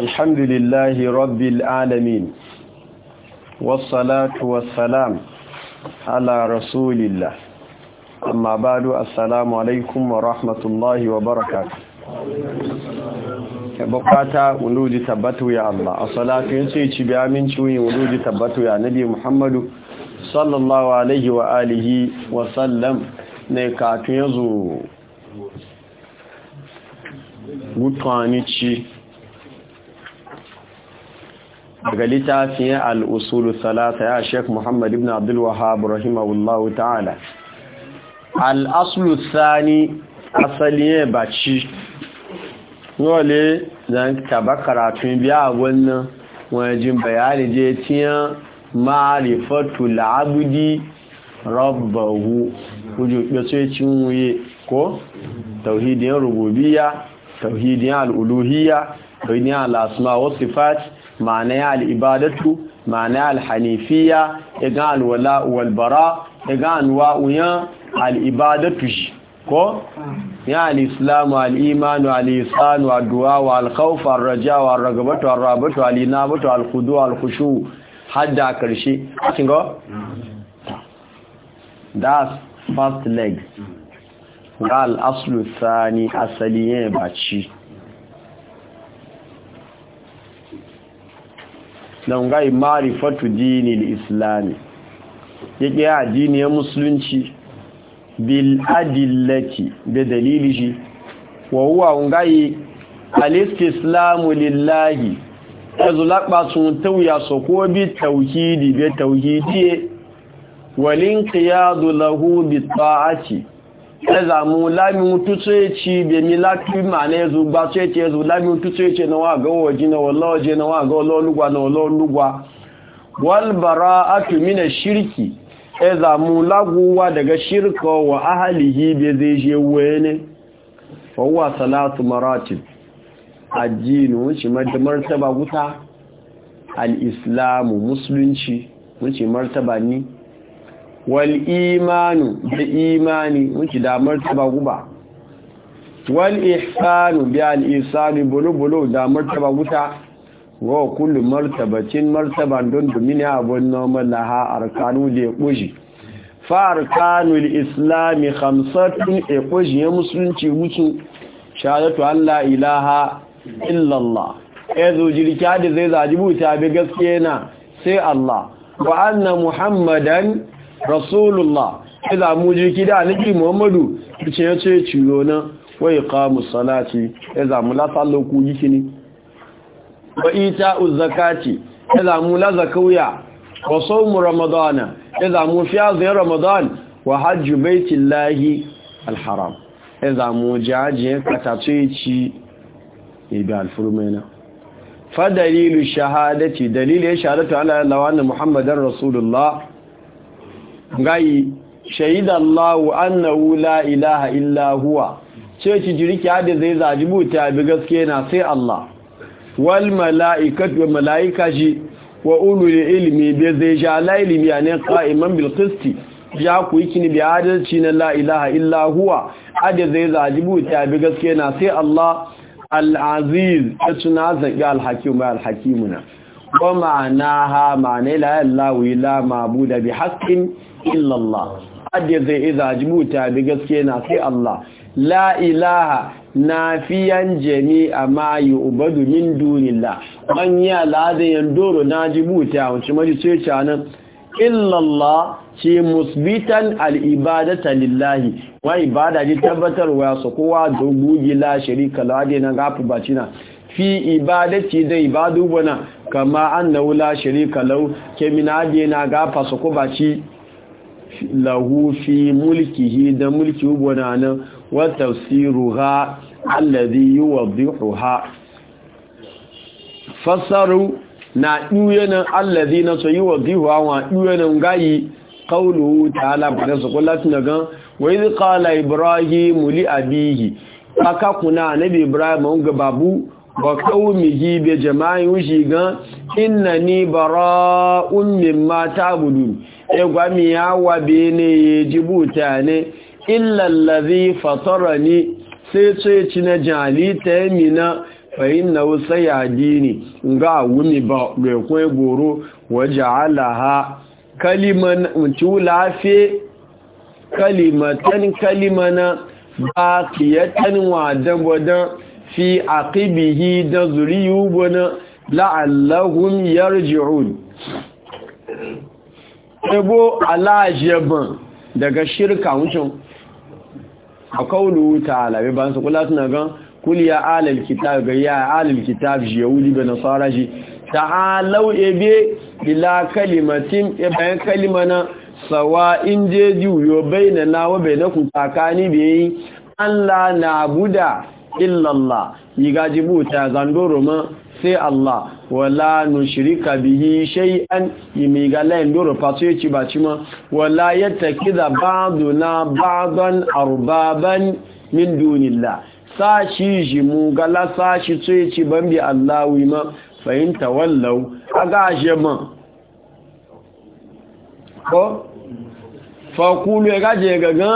الحمد لله رب العالمين والصلاة والسلام على رسول الله أما بعد السلام عليكم ورحمة الله وبركاته bukata wuluji tabbatu ya Allah a salatu sai ci biya min ciwon wuluji tabbatu ya nabi Muhammadu sallallahu alaihi wa sallam ne yazo gutwani ci daga littafin al'usulu salata ya sheik muhammad ibn abdullahab rahimahullahu ta'ala al'asulu sani asali asaliye baci ne zan taba karatun biya wannan wajen bayani je tiyan ma'arifatu la'abudi rabbahu kujo yace wuye ko tauhidin rububiyya tauhidin al'uluhiyya tauhidin al'asma wasu sifat ma'ana ya al'ibadatu ma'ana ya alhanifiya igan alwala walbara igan alwa'uyan al'ibadatu shi ko ya al'islamu al'imanu al'isanu addu'a wa alkaufa arraja wa ragabatu arrabatu alinabatu alkudu alkushu hadda karshe kinga that's first leg ga al'aslu sani asali ba baci don gai marifatu dini islami ya ƙi addini ya musulunci bil adillati da dalili shi wa huwa gai lillahi ya zulaɓa sun tauya so ko bi tauhidi bi tauhidiye walin qiyadu lahu bi ta'aci ezamu lami ututu echi bemi laki ma na ezu gbatu echi ezu lami ututu echi na wa ga oji na wala oji na wa ga olonugwa na olonugwa wal bara aki mine shirki ezamu laguwa daga shirka wa ahalihi be zai je wene fawwa salatu maratib addini wuce martaba wuta al-islamu musulunci wuce martaba ni wal imanu da imani wuce da martaba guba wal ihsanu bi al ihsani bulu bulu da martaba guta wa kullu martabatin martaban don domin ya abun normal laha arkanu da ya kushi fa arkanul islami khamsatun ya e kuji ya musulunci mutu shahadatu an la ilaha illallah ya e zo jirka da zai zaji buta bi gaskiya na sai Allah wa anna muhammadan rasulullah ila muji kida niki muhammadu ce ya ce ciro na wai kamu salati ya zamu lasaloku yi kini wa ita uzzakati ya zamu lazakauya wa saumu ramadana ya zamu fiya zai ramadan wa hajji hajju baitillahi alharam ya zamu jaje katatoci ibi alfurmena Dalilu shahadati dalilin shahadatu ala na muhammadan rasulullah gayi shahidallahu annahu la ilaha illa huwa ce ci jiriki hada zai zaji buta bi gaske na sai Allah wal mala'ikatu wa mala'ika shi wa ulul ilmi bi zai ja la ilmi yani qa'iman bil qisti ya ku yiki ni bi adalci na la ilaha illa huwa hada zai zaji buta bi gaske na sai Allah al aziz ya tuna zaki al hakim al hakimuna wa ma'anaha ma'ana la ilaha illa ma'budu bi haqqin illa Allah hadisi idza jibuta bi gaske na sai Allah la ilaha nafiyan jami'a ma yu'badu min dunillah man ya ladayan doro na jibuta wace maji ce canan illa Allah ce musbitan al'ibadata lillahi wa ibada ji tabbatarwa su kowa dogugi la shirika la na gafi bacina fi ibadati da ibadu bana kama annahu la sharika lahu kemina de na gafa su ku baci lahu fi mulkihi da mulki bana nan wa biyu alladhi fassaru na duyenan alladhi na so yi wa duyenan gayi qawluhu ta'ala bada su kullatu daga wa zika qala ibrahim li abihi aka kuna bi ibrahim ga babu wa qaumihi bi jama'in shigan innani bara'un mimma ta'budun e mi ya wa bi ne jibuta ne illa allazi fatarani sai ce ci na jali ta mina fa inna usayadini ga wumi ba ga koi goro waja'alaha kaliman mutulafi kalimatan kalimana baqiyatan wa dan fi aqibihi da zuriyu bana la'allahum yarji'un ebo alajeban daga shirka wucin a kawulu ta'ala bi ban su kula suna gan kul ya alal kitab ga ya alal kitab ji yahudi da nasara ji ta'alau ebe ila kalimatin e bayan kalimana sawa'in jeju yo bainana wa bainakum takani an Allah na buda illallah yi gaji buta zandoro ma sai Allah wala nushrika bihi shay'an yimi ga lain doro fato ci ba ci ma wala yattakiza ba'duna ba'dan arbaban min sa sashi shi mu ga la sashi tsaye ci bambi Allah wi ma fahimta wallau aga je ma ko fakulu ya ga je gaga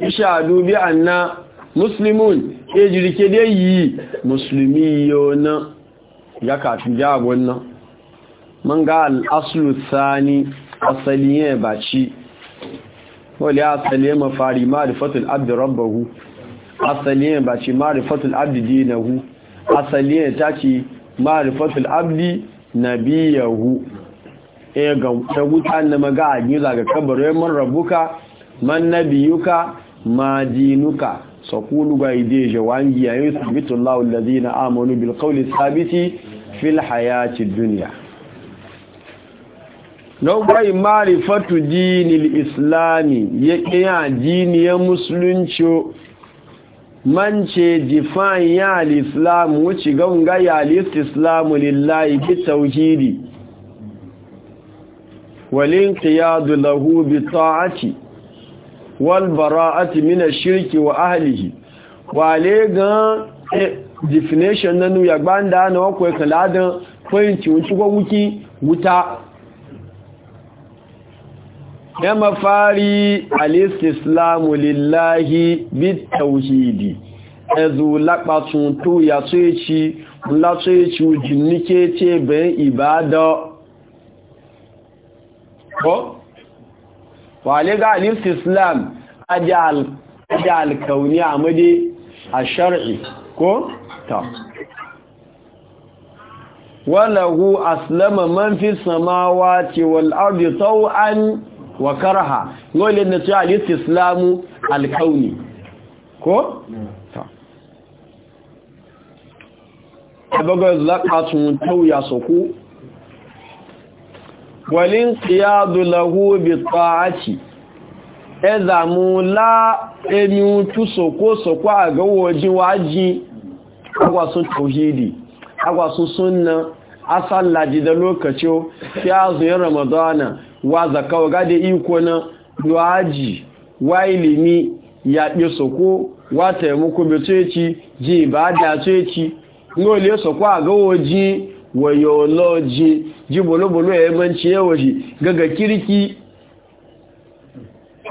isha dubi anna muslimun de yi musulmi yana ya kafin jagon nan man ga al'aslu sani asali ya baci wale asali ya mafari marifatul abdi rabbahu asali ya baci marifatul abdi dinahu asali ya taci marifatul abdi nabiyahu e ga wuta na maga a gina ga kabarai man rabuka man nabiyuka ma dinuka sakulu ga ide je wangi ya yusabitu Allahu allazina amanu bil qawli sabiti fil hayati duniya. Nogbai marifatu dinil islami ya kiya dini ya musulunci mance jifan ya al-islam wuce ganga ya islamu lillahi bi tauhidi walin qiyadu lahu bi ta'ati wal bara'ati shirki wa ahlihi wale gan e, definition nanu ya gbanda na ko kala da point wuci go wuki wuta ya mafari al lillahi bit-tauhidi ezu lapatun to ya so echi la so echi ibada ko wale ga alif islam ajal ajal kauni a shar'i ko ta walahu aslama man fi samawati wal ardi taw'an wa karha ngole ne ta alif islam al kauni ko ta abaga zakatun tawya soku walin qiyadu lahu bi ta'ati ezamu la emi tu soko soko agawo ji waji agwa sun tauhidi agwa sun sunna asallaji da lokaci fi ya ramadana wa zakawa gade ikona, na duaji wa ya yaɓe soko wa taimako betoci ji ba da toci ngole soko agawo ji wayoloji ji bolobolo ya yamanci yawaji gaga kirki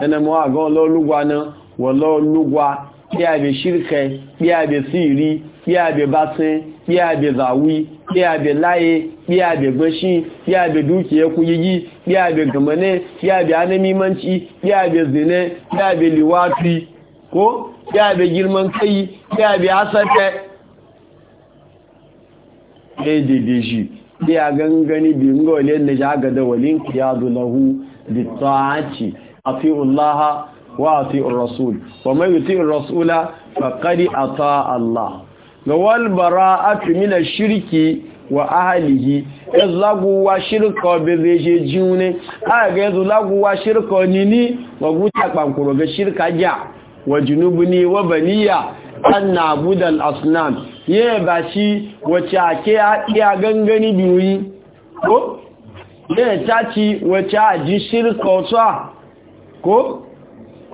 ẹna mọ́ àgọ́ ọlọ́ọ̀lúgwa náà wọ̀lọ́ọ̀lúgwa bí àbẹ̀ ṣírkẹ̀ bí àbẹ̀ síìrí bí àbẹ̀ básin bí àbẹ̀ zàwí girman kai bí àbẹ̀ ADDG ya gangani bingo ne na jaga da walin kiyadu lahu bi ta'ati atiullah wa atiur rasul wa mai yuti'ir rasula kari a Allah ga walbara a min shirki wa ahlihi ya zaguwa shirka zai bi jiune a ga yanzu zaguwa shirka nini wa guta kwankuro ga shirka ja wa ne wa baniya an budal asnan yaya ba shi wacce ake haɗiya gangani biyu yi ko yana ta ci wacce a ji shirka wasu ko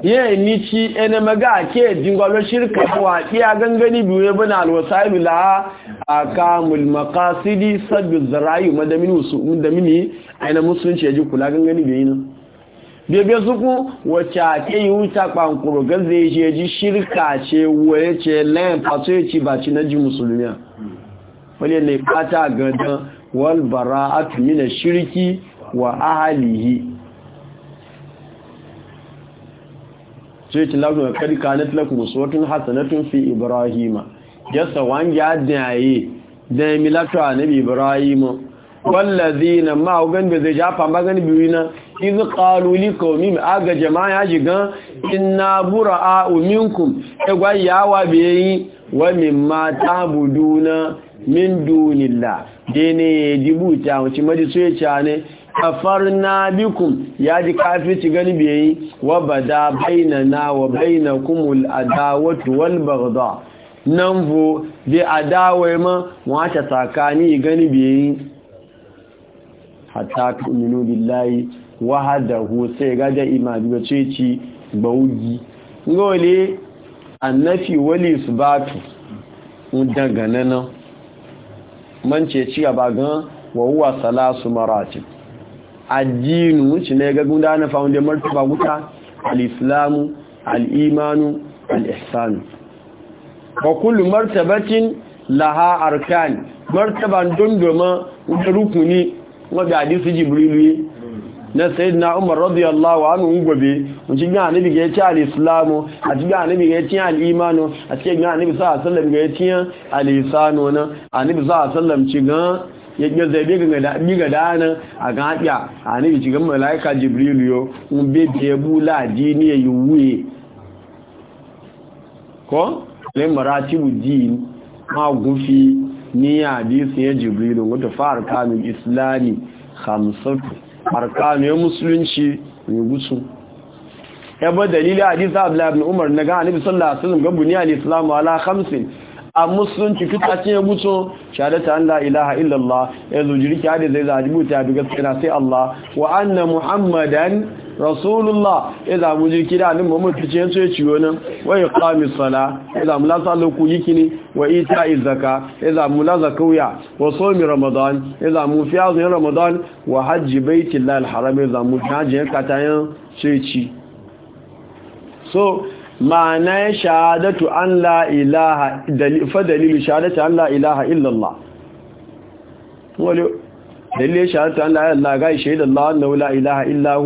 yi ni ci yana maga ake jingwalo shirka wa haɗiya gangani biyu ya bana alwasa ibila a kamul makasidi sabbin zarayu madamini ainihin musulunci ya ji kula gangani biyu yi nan bebe suku wacce ake yi wuta kwankuro gaza zai ce ji shirka ce waye ce layan fato ya ci baci na ji musulmiya wani ne fata gadon walbara atumi na shirki wa ahalihi ce ci lagun da karika na tilaku musuwatun hasanatun fi ibrahima ya sawan ya daye da ya milatu a ibrahima wallazi na ugan da zai jafa magani biyu na izu ƙaluli kaumi aga jama'a ji gan ina bura a uminkum egwa yawa yi wa mimma ta na min dunila dene ya ji ta wuce majisu ya kafar na bikum ya ji ci gani yi wa ba da bada na wa bainakumul adawatu wal bagda nan bu bi adawai ma wata tsakani gani yi hatta tu'minu billahi wahadahu sai da imani ba ce ci baugi ngole annafi wali su batu dangane nan man ce ci gaba gan wawuwa salasu maratib addinu ci ne ga na faunde martaba wuta al-islamu al-imanu al wa kullu martabatin laha arkan martaban dundoma da rukuni wadda hadisi jibrilu na sayyidina umar radiyallahu anhu gobe mun ci ga annabi ga yace al-islamu a ci ga annabi ga yace al-imanu a ci ga annabi sallallahu alaihi wasallam ga yace al-isanu na annabi sallallahu alaihi wasallam ci ga yake zaibe ga da bi ga dana a ga haɗiya annabi ci ga malaika jibril yo mun be be bula dini ya e yuwe ko le maratibu din ma gufi ni ya bi hadisi ya jibrilu wata fara kamil islami khamsatu arkaniyar musulunci mai gusu ya ba dalilin hadisa abdullahi ibn umar na ga annabi sallallahu alaihi wasallam ga buniya al-islamu ala khamsin a musulunci tutacin ya gusu shahadata an la ilaha illallah ya zujiri ki hadi zai zaji ta bi gaskiya sai Allah wa anna muhammadan rasulullah iza mu ji kida ni mu tice so ci yonan wa iqami sala iza mu yikini wa mu la wa ramadan mu fi ramadan wa alharam mu ci so ma'ana shahadatu an la ilaha fa dalilu shahadatu an la ilaha wale dalilin shahadatu an la ilaha illallah ga shaidallahu annahu ilaha illa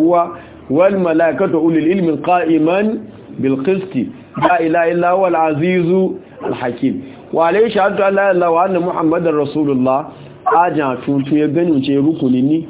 wal mala'ikatu ulul ilmi qa'iman bil qisti la ilaha illa huwa al azizu al hakim wa alayhi shahadu an la ilaha wa anna muhammadar rasulullah aja tuntun ya gani ce rukuni ni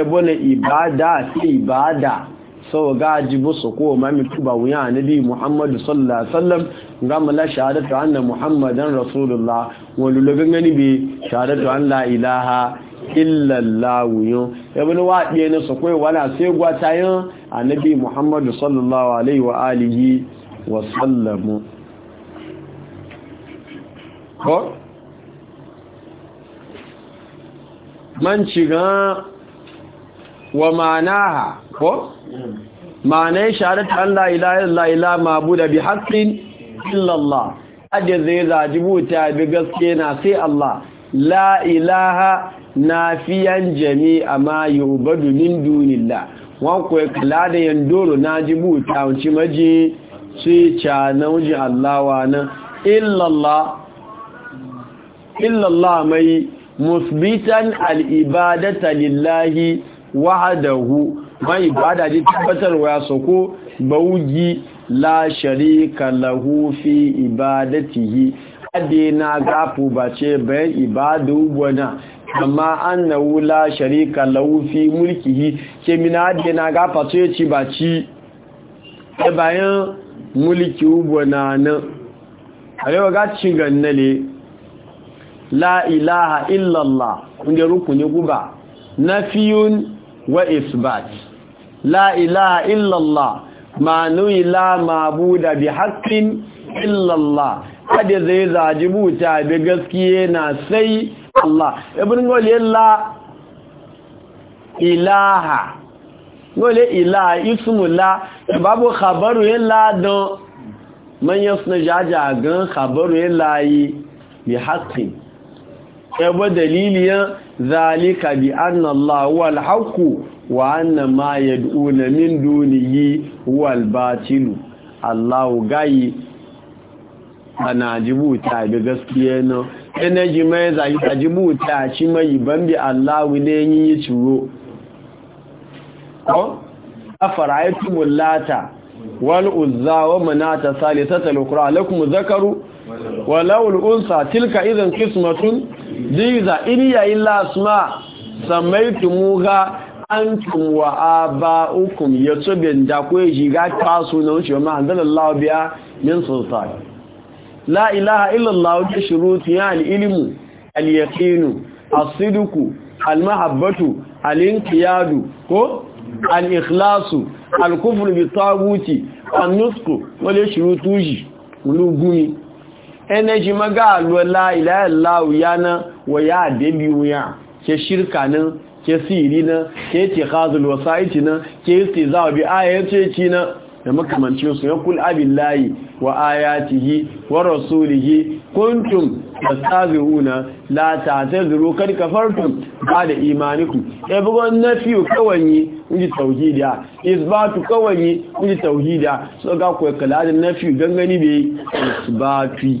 ebo na ibada sai ibada sau ga jibu su ko mami tuba wuya annabi muhammadu sallallahu alaihi wasallam ga mala shahadatu anna muhammadan rasulullah wani lugan gani bi shahadatu an la ilaha illallahu yun yabin wa ɗiye na su kwai wala sai gwata yin annabi muhammadu sallallahu alaihi wa alihi wa sallamu ko? man ciga wa manaha ko? manai shahadata an la'ila la'ila mabu da bi haƙin illallah adda zai zaji buta bi gaske na sai Allah la ilaha nafiyan jami'a ma yubadu min dunillah wọn kò da yandoro na jibu ta wuce maji sai ca na allawa na illallah mai musbitan al'ibadata lillahi wahadahu mai ibada ji tabbatarwa ya soko baugi la sharika lahu fi ibadatihi adina gafu bace bayan ibadu wana amma na wula sharika laufi mulki mulkihi ke mina adi na gafa to ya ba ci ya e bayan mulki na. nan yau ga cin ganna ne la ilaha illallah. Allah kunde rukuni guba Na fiyun wa isbat la ilaha nui la ma nuila bi haqqin Illallah. kada zai zaji buta bi gaskiya na sai Allah ebun ngole la ilaha ngole ilaha ismu la babu khabaru la do man yasna jaja gan khabaru la yi bi haqqi dalili ya zalika bi anna Allah al haqqu wa anna ma yad'una min dunihi al-batil Allah gayi ana jibuta bi gaskiya no energy mai zaki taji buta ci mai bambi allahu wule yin yi ciro ko afara'aytum lata wal uzza wa manata salisata al-ukra lakum zakaru wa unsa tilka idan qismatun diza iliya illa asma samaitumuha ba ukun aba'ukum yasbin da ko shiga kasu na wuce ma anzalallahu biya min sultan la ilaha illallah wajen shuruti ya al'ilmu al'yaƙinu asiduku almahabbatu al'inkiyadu ko al'ikhlasu alkufur bi taguti annusku wale shurutu ji gumi energy maga alwa la ilaha illallah yana wa ya adabi wuya ke shirka nan ke siri nan ke tikhazul wasaiti nan ke istizabi ayyace ci nan da makamancin su ya kula billahi wa ayatihi wa rasulihi kuntum tastaziruna la ta'tazuru kad kafartum ba'da imanikum e na fiu kawanyi uji tauhida isbatu kawanyi uji tauhida so ga ku kaladin fiu gangani be isbatu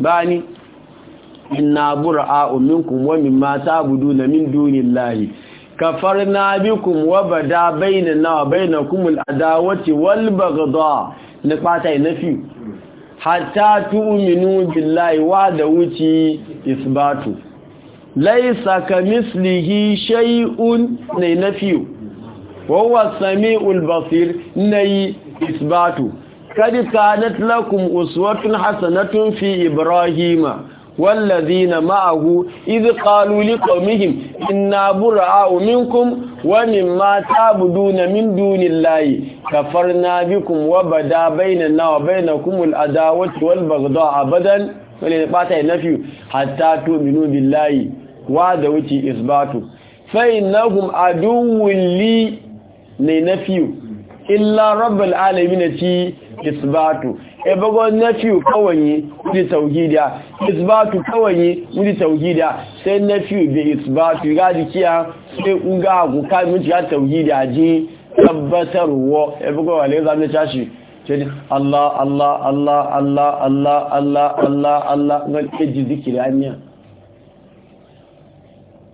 bani inna bura'a minkum wa mimma ta'buduna min dunillahi kafarna bikum wa bada bainana wa bainakum al-adawati wal baghdha ni pata inafi hatta tu'minu billahi wa da wuci isbatu laysa kamislihi shay'un ne nafi wa huwa samiul basir ne isbatu kad kanat lakum uswatun hasanatun fi ibrahima والذين معه إذ قالوا لقومهم إنا براء منكم ومما تعبدون من دون الله كفرنا بكم وبدا بيننا وبينكم الأداوة والبغضاء أبدا ولنباتة النفي حتى تؤمنوا بالله وعدوة إثباته فإنهم عدو لي نفي إلا رب العالمين إثباته ebogo nephew kawai wuri tauhida isbatu kawai wuri tauhida sai nephew da isbatu ga dikiya sai unga ku kai mun ji tauhida ji tabbatarwa ebogo wale zamu tashi sai Allah Allah Allah Allah Allah Allah Allah Allah ngal ke ji zikiri anya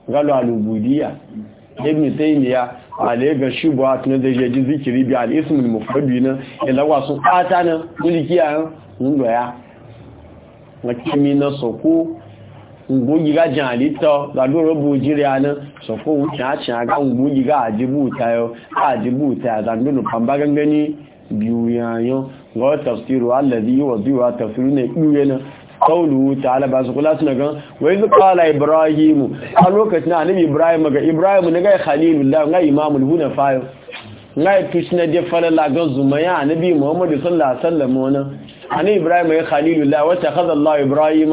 galo alubudiya ibn taymiya ale ga shubuhat na da yaji zikiri bi al-ism al-mufrad na ila sun fata nan mulikiya mun doya wakimi na soko ngogi ga janalito da doro bujiri ana soko a ci aga ngogi ga ajibuta yo ajibuta da ndu pambagan gani biyu yayo ga tafsiru alladhi yuwadhi'u tafsiruna ibn qawluhu ta'ala ba su kula suna gan wa iz qala ibrahim a lokacin annabi ibrahim ga ibrahim ne ga khalilullah ga imamul hunafa ga tushna de falala ga zumaya annabi muhammad sallallahu alaihi wasallam wannan annabi ibrahim ga khalilullah wa takhadha allah ibrahim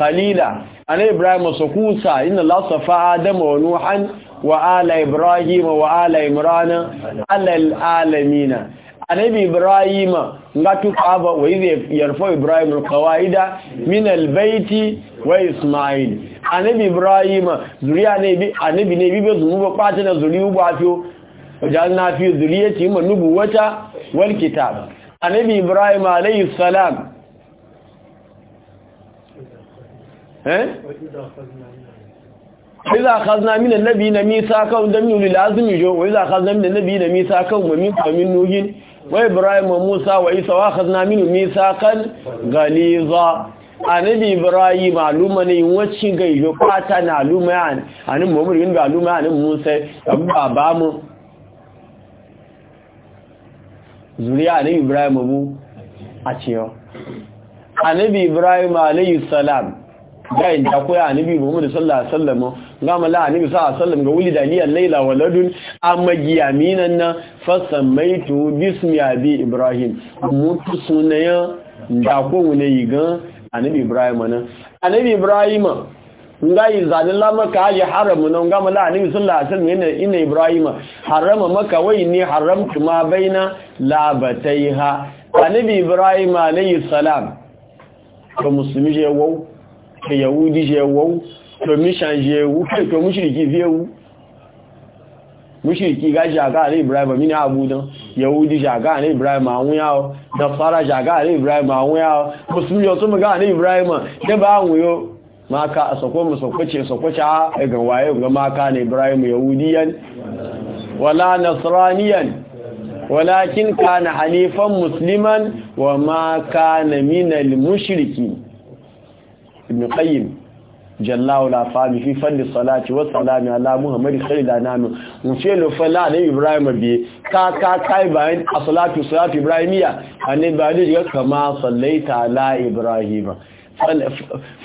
khalila annabi ibrahim kusa inna allah safa adama wa nuhan wa ala ibrahim wa ala imrana ala alamina annabi ibrahim ngatu kaba wa idh yarfa ibrahim alqawaida min albayti wa isma'il annabi ibrahim zuriya ne bi annabi ne bi be zunuba kwata na zuri ba fiyo jalna fi zuriyati man nubuwata wal kitab annabi ibrahim alayhi salam eh? min na eh وإذا أخذنا من النبي ميثاقا ومن أولي العزم وإذا na Misa النبي ميثاقا min قوم nuhin wa ibrahim wa musa wa isa wa akhadna minhu mithaqan ghaliza anabi ibrahim aluma ne wacin ga yo pata na aluma an anin muhammad yin ga aluma anin musa abu baba mu zuriya ne ibrahim mu a ciyo anabi ibrahim alayhi salam gai da koyi anabi muhammad sallallahu alaihi wasallam gama la annabi sa alaihi ga ga da liya laila waladun amma giyaminan na fasamaitu bismi abi ibrahim mutu sunaya da ko wune yigan annabi ibrahim nan annabi ibrahim Nga yi zalin la ka ya haramu nan gama la annabi sallallahu alaihi wasallam yana ina ibrahim harama maka wai ni haramtu ma baina labataiha annabi ibrahim alayhi salam Ka musulmi je wau ka yahudi je wau domin shanje ewu to mushiriki fi ewu mushiriki ga shaga ibrahim yahudi ibrahim ibrahim ga ibrahim ba yo a mu ga waye ibrahim yahudiyan wala nasraniyan walakin kana wa ma kana minal jallahu la fami fi fadli salati wa salami ala muhammad khalil anam mun ce lo fala ne ibrahim biye. ka ka kai bayan as-salatu salatu ibrahimiya annabi ba ne kama sallaita ala ibrahim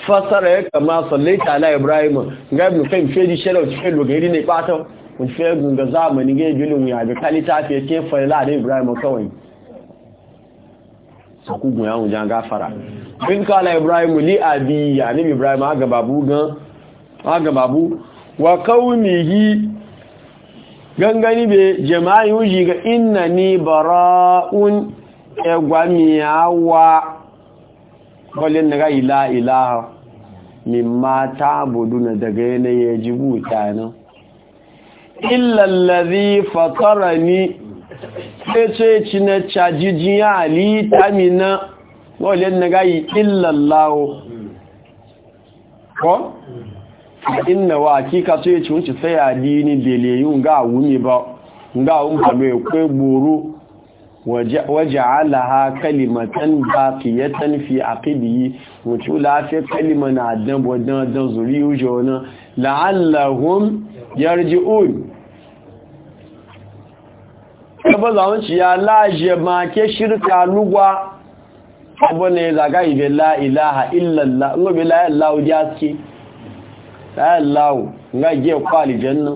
fasara ya kama sallaita ala ibrahim ga ibn kai fi di shara fi lo gari ne kwata mun ce gunga zamani ga bilin ya bi kalita fi ke fala ne ibrahim kawai sakugun ya wujan gafara in kala ibrahim li abi ni ibrahim aga babu gan aga babu wa kaunihi gangani be jama'i uji ga innani bara'un egwamiyawa kwallon daga ila ilaha mimma ta budu na daga yanayi ya ji buta nan illallazi fatarani ce ci na cajijin ya halitta mina walen na gayi illallawo ko? inna wa kika so ya ci wuce sai yi beleyun ga wumi ba ga umka mai kwai buru waja'alaha kalimatan baqiyatan fi aqibi wucu lafiya kalima na dan bodan dan zuri ujona la'allahum yarji'un ẹgbọ́n àwọn ṣe aláàṣẹ ma ké ṣírka lúgbà ọgbọ́n ni zaga ìbẹ̀ láìláha ìlàlá ngọ́bẹ̀ láìláwò dí áṣkí láìláwò nga jẹ́ ẹ̀kọ́ àlìjẹ́nà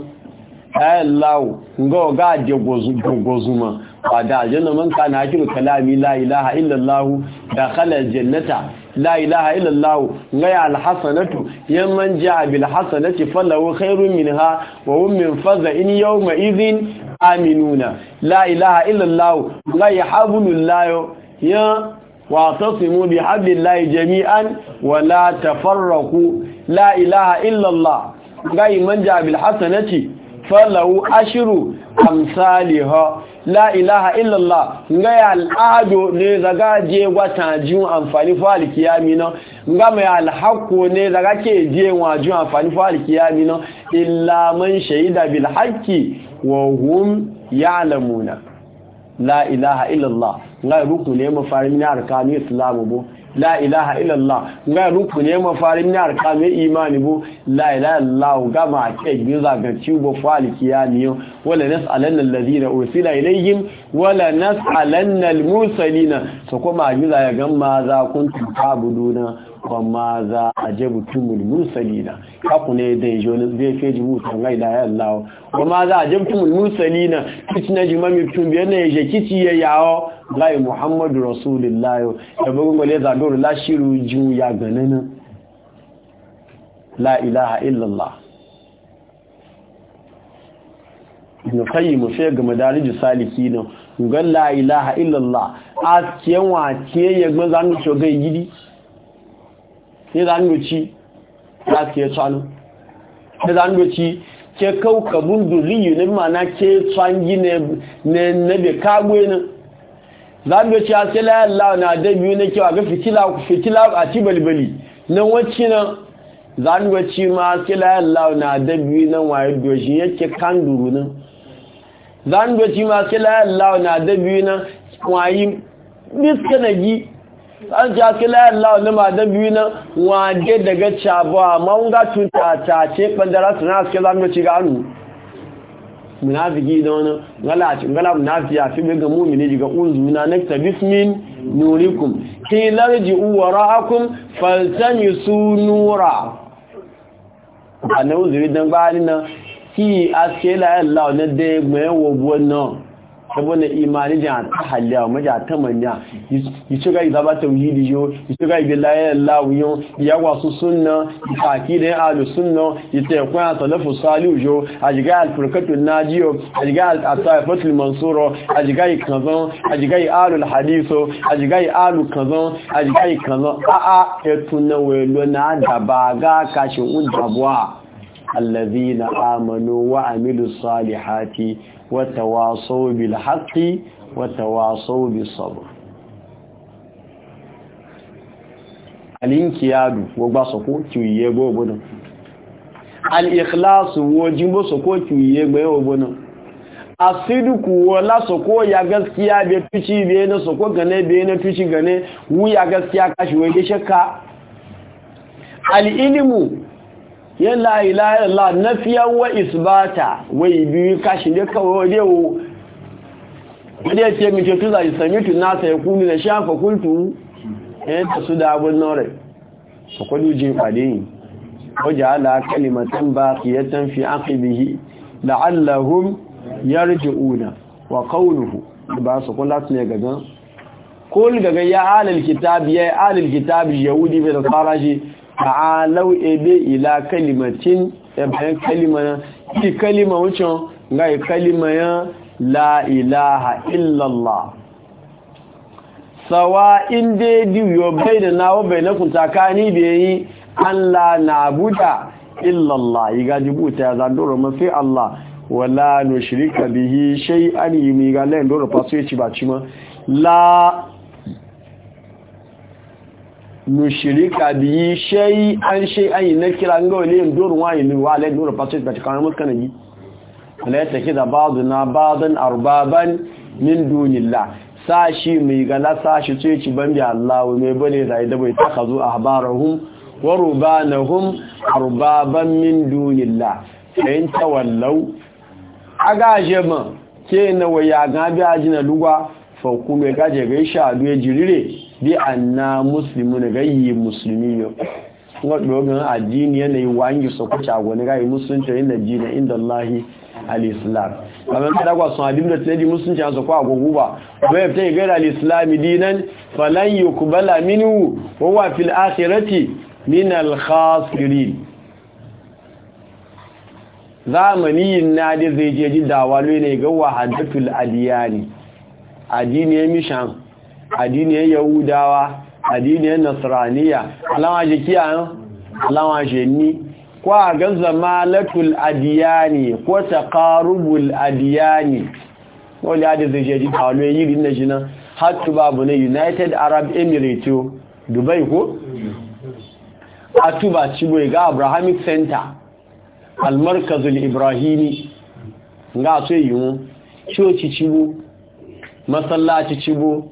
láìláwò nga ọgá àjẹ́ gọ̀gọ̀zùmọ̀ padà àjẹ́nà mọ́ nǹkan náà kí kalami láìláha ìlàláwò dakhala jannata la ilaha illallah ngaya alhasanatu yamman jaa bil hasanati falahu khairun minha wa hum min faza in yawma idhin aminuna la ilaha illallah la yahabulullah ya wa tasimu bi jami'an wa la tafarraqu la ilaha illallah gai man ja bil hasanati falahu ashru amsalha la ilaha illallah gai al'ado ne zaga je wata jun amfani fa alkiyami na ga mai ne zaga ke je wa amfani fa alkiyami illa man shahida bil haqqi wa hum ya'lamuna la ilaha illa Allah ngai ruku ne mafarin na arkanu islam bo la ilaha illa Allah ngai ruku ne mafarin na arkanu imani bo la ilaha illa Allah ga ma ke giza ga bo faliki ya niyo wala nas'alanna alladhina ursila ilayhim wala nas'alanna al mursalina so kuma giza ya gamma za kuntum tabuduna kuma za a je mutumin musalina kaku ne da yajo na zai ji mutum gai da ya Allah kuma za a je mutumin musalina kici na jimami mutum biyar na yaje kici ya yawo lai muhammadu rasulullahi ya bugun gole za dole la shiru ju ya ganana la ilaha illallah ibn mu sai ga saliki salikin gan la ilaha illallah a ciyan wa ciyan ya gban zanu gidi sai za nuci za ke tsanu sai za nuci ke kauka bunduri yunin mana ke tsangi ne na bai kagwe na za nuci a sai layan lawa na biyu na kewa ga fitila a ci balbali nan wacce na za nuci ma sai layan lawa na biyu nan waye doshi yake kan duru nan za nuci ma sai layan lawa na biyu nan waye biskanagi an ja kila Allah wani madan biyu na wade daga a ma wunga tun ce ɓandara su na suke zama ci gano munafiki da wani gala munafi ya fi ga ne jiga unzuna na bismin nurikum kilar ji ra'akun Faltan yi su nura a na uzuri don gbani na ki aske la'ayyar la'unar da ya gbaye wa buwan nan saboda imani da ta halya maja ta manya yi ci gai zaba tauhidi yo yi ci gai billahi Allah yo ya wasu sunna taki da alu sunna yi ta kwa salafu salihu yo ajiga al furqatu najiyo ajiga al atafatu al mansuro ajiga kazan ajiga alu al hadiso ajiga alu kazan ajiga kazan a a etuna welo na da baga kashin udabwa الذين آمنوا وعملوا الصالحات وتواصوا بالحق وتواصوا بالصبر alinkiyadu gbogbo sọ̀kó tí ó yẹ gbọ́ ọgbọ́nà al'iklasu wo jimbo sọ̀kó tí ó yẹ gbẹ́ ọgbọ́nà asiduku wo lasọ̀kó ya gaskiya bẹ tuci bẹ na sọ̀kó gane bẹ na tuci gane wuya gaskiya kashi wai gẹ́ṣẹ́ ka al'ilimu ya la ilaha illallah nafiya wa isbata wai biyu kashi ne kawai dewo wadda ce mace tuza yi sami tunasa ya kuni na shafa kultu ya eh, ta su da abin nore ta kwado jin kwade wajen ala kalimatan ba kiyatan fi aqibihi la'allahum yarji'una wa qawluhu ba su kula su ne gagan kul gaga ya alil kitab ya alil kitab yahudi bai da tsara shi ta'alau ebe ila kalimacin ɗabayin kalimana ki kalima wucin ga yi ya la ilaha illallah sawa inda diyo bai da nawa bai na kani da yi Allah na buda illallah yi dubu ta ya ma mafi Allah wala nushirika bihi shay'an yi mi ga layin doro faso ya ci ba ci ma la nushirika biyi shayi an shayi an na kira ga wale yin doron wayi ne wa alayin doron patrick bata kanar mutu kanagi alayin take da na bazan arbaban min dunilla sashi mai sa sashi ce ci ban biya allahu mai bane zai da bai taka zo a wa rubanahun arbaban min dunilla sayin wallau. a gaje ma ke na waya gabi ajina lugwa fakku mai gaje gaisha a duwe jirire bí àná mùsùlùmí ní gáyì mùsùlùmí yọ wọ́n ɗogon addini yanayi wa'angi su kuce agwani gáyì musulunci inda jina inda Allahi al'islam kamar kada kwa sun adin da tsaye musulunci su kwa agogo ba ya ta yi gaira al'islami dinan falan yi minhu wa huwa fil akhirati min al-khasirin Zamanin na da zai je ji dawa ne ga wahadatul adiyani addini ya mishan addiniyar yahudawa addiniyar nasraniya alama jikiya nan alama ko a ga zamalatul adiyani ko ta taqarubul adiyani wani adi jeji tawalo yi rinna shi hatu babu na united arab emirates dubai ko atuba tuba ga abrahamic center almarkazul ibrahimi ga so yi mu coci cibo masallaci cibo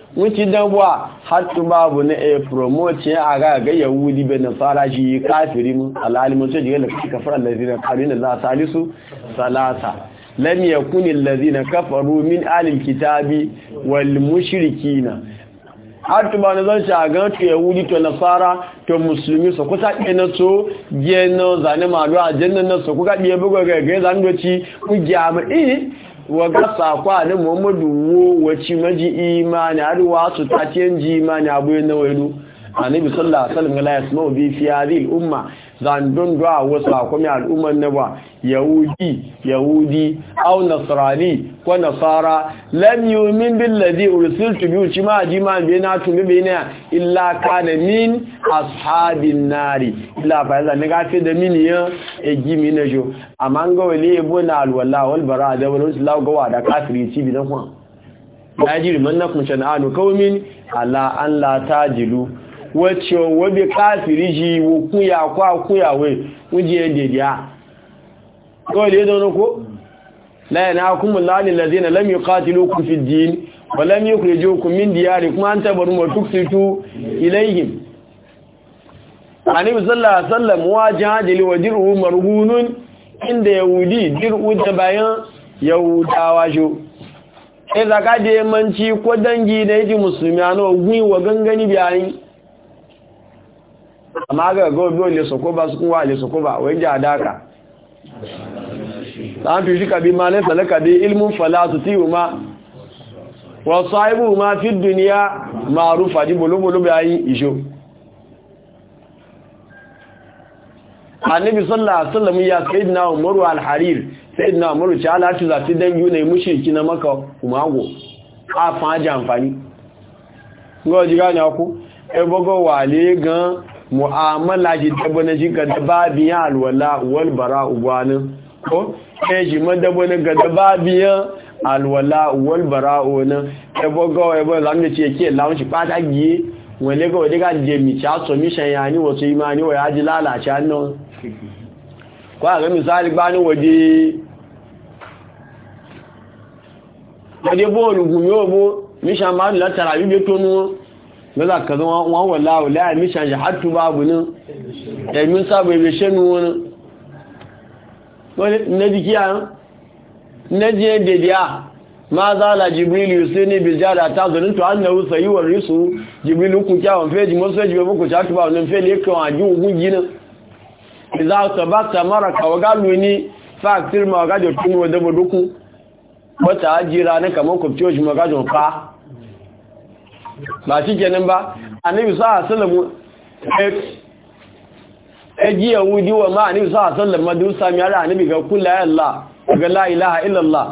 wuce dan wa hatu babu na a eh, promote a ga ga yahudi bai nasara shi kafiri mu alalimin sai jiyar da na kari na la alisu salasa lam allazi na kafaru min alim kitabi wal mushrikina hatu ba na zan shaga to yahudi to nasara to musulmi so kusa kena to gina zane malu a jannan so kuka biye bugo ga gaya zan doci ku jami'i waga kwa ni muhammadu wo wace maji imani har wasu ta ce imani abu yana wailu nabi sallallahu alaihi wasallam ya yasma'u bi fi hadhihi al-umma zandun duwa wasu akwami al'ummar ne ba yahudi yahudi au nasrani ko nasara lam yumin ladhi ursiltu bihi shi ma ji ma be na tumi be ne illa kana min ashabin nari illa ba za ne ce da min ya e min na jo amma ga wali ebo na walla wal bara da wal islam ga wa da kafiri ci bi da kuma najiri mannakum shan'anu qaumin ala an la tajilu wacce wabe kafiri shi wo kuya kwa kuya we wuje dediya dole ne don ko la kuma Allahu allazina lam yuqatilukum fi din wa lam yukhrijukum min kuma an tabarum wa tuksitu ilayhim annabi sallallahu alaihi wasallam wa wajruhu marhunun inda yahudi dir'u da bayan yahudawa sho sai zaka manci ko dangi da yaji musulmi ano gwiwa gangani bayani amma ga gobe le soko ba su kuwa le soko ba wai ja daka an fi shika bi malin salaka bi ilmun falatu tiwuma wa sahibu ma fi duniya ma'rufa di bulubulu bayi ijo annabi sallallahu alaihi wasallam ya sayyidina umar al-harir sayyidina umar cha ala tu zati dan yune mushriki na maka umago a fa ja amfani ngo jiga nya ku e bogo wale gan mu'amala ji dabo na jinka da babiyan alwala wal bara ugwanin ko ya ji madabo na ga da babiyan alwala wal bara ona ebo go ebo lamu ce ke lamu shi fata giye wale go daga je mi cha so mi shan yani wato imani wa yaji lalace annon ko a ga misali bani waje waje bo lugun yo bo mi shan ma la tarabi be tonu lọ́la ka zama wọ̀ láwọ̀ láàrín míṣàṣà àtúbà bù ní ẹ̀mí sábà ibi ṣẹ́nu wọn nẹ́jì kí a nẹ́jì ẹ̀ dèdè à máa záàlà jibril yusuf ní ibi jáde àtàzọ̀ nítorí annáwó sayi wà rísù jibril kù kí àwọn fẹ́jì mọ́sẹ́jì bẹ́ẹ̀ kò ṣàtúbà wọn fẹ́ lè kàn àjú ogun jí náà ìzá ọ̀sọ̀bá samara kàwọ́gá lù ní fáàkì tí mo wà gájọ tún wọ́n dẹ́bọ̀ dókú wọ́n tàá jíra ba shi kenan ba annabi sa sallamu ajiya wudi wa ma annabi sa sallam ma mi ala annabi ga kullu ya Allah ga la ilaha illa Allah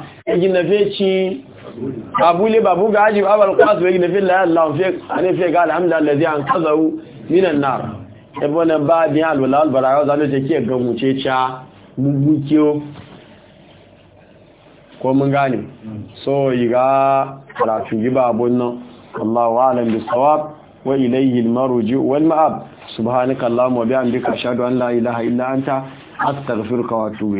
babu ga ajib abal la Allah ani ga alhamdulillah allazi an nar ba al wala al ke ga mu ko mun gane so yi ga nan Allahu a'lam bi sawab wa'ilai ilayhi al-marji' wal ma'ab subhanaka allahumma wa bihamdika ashhadu an la ilaha illa anta astaghfiruka wa atubu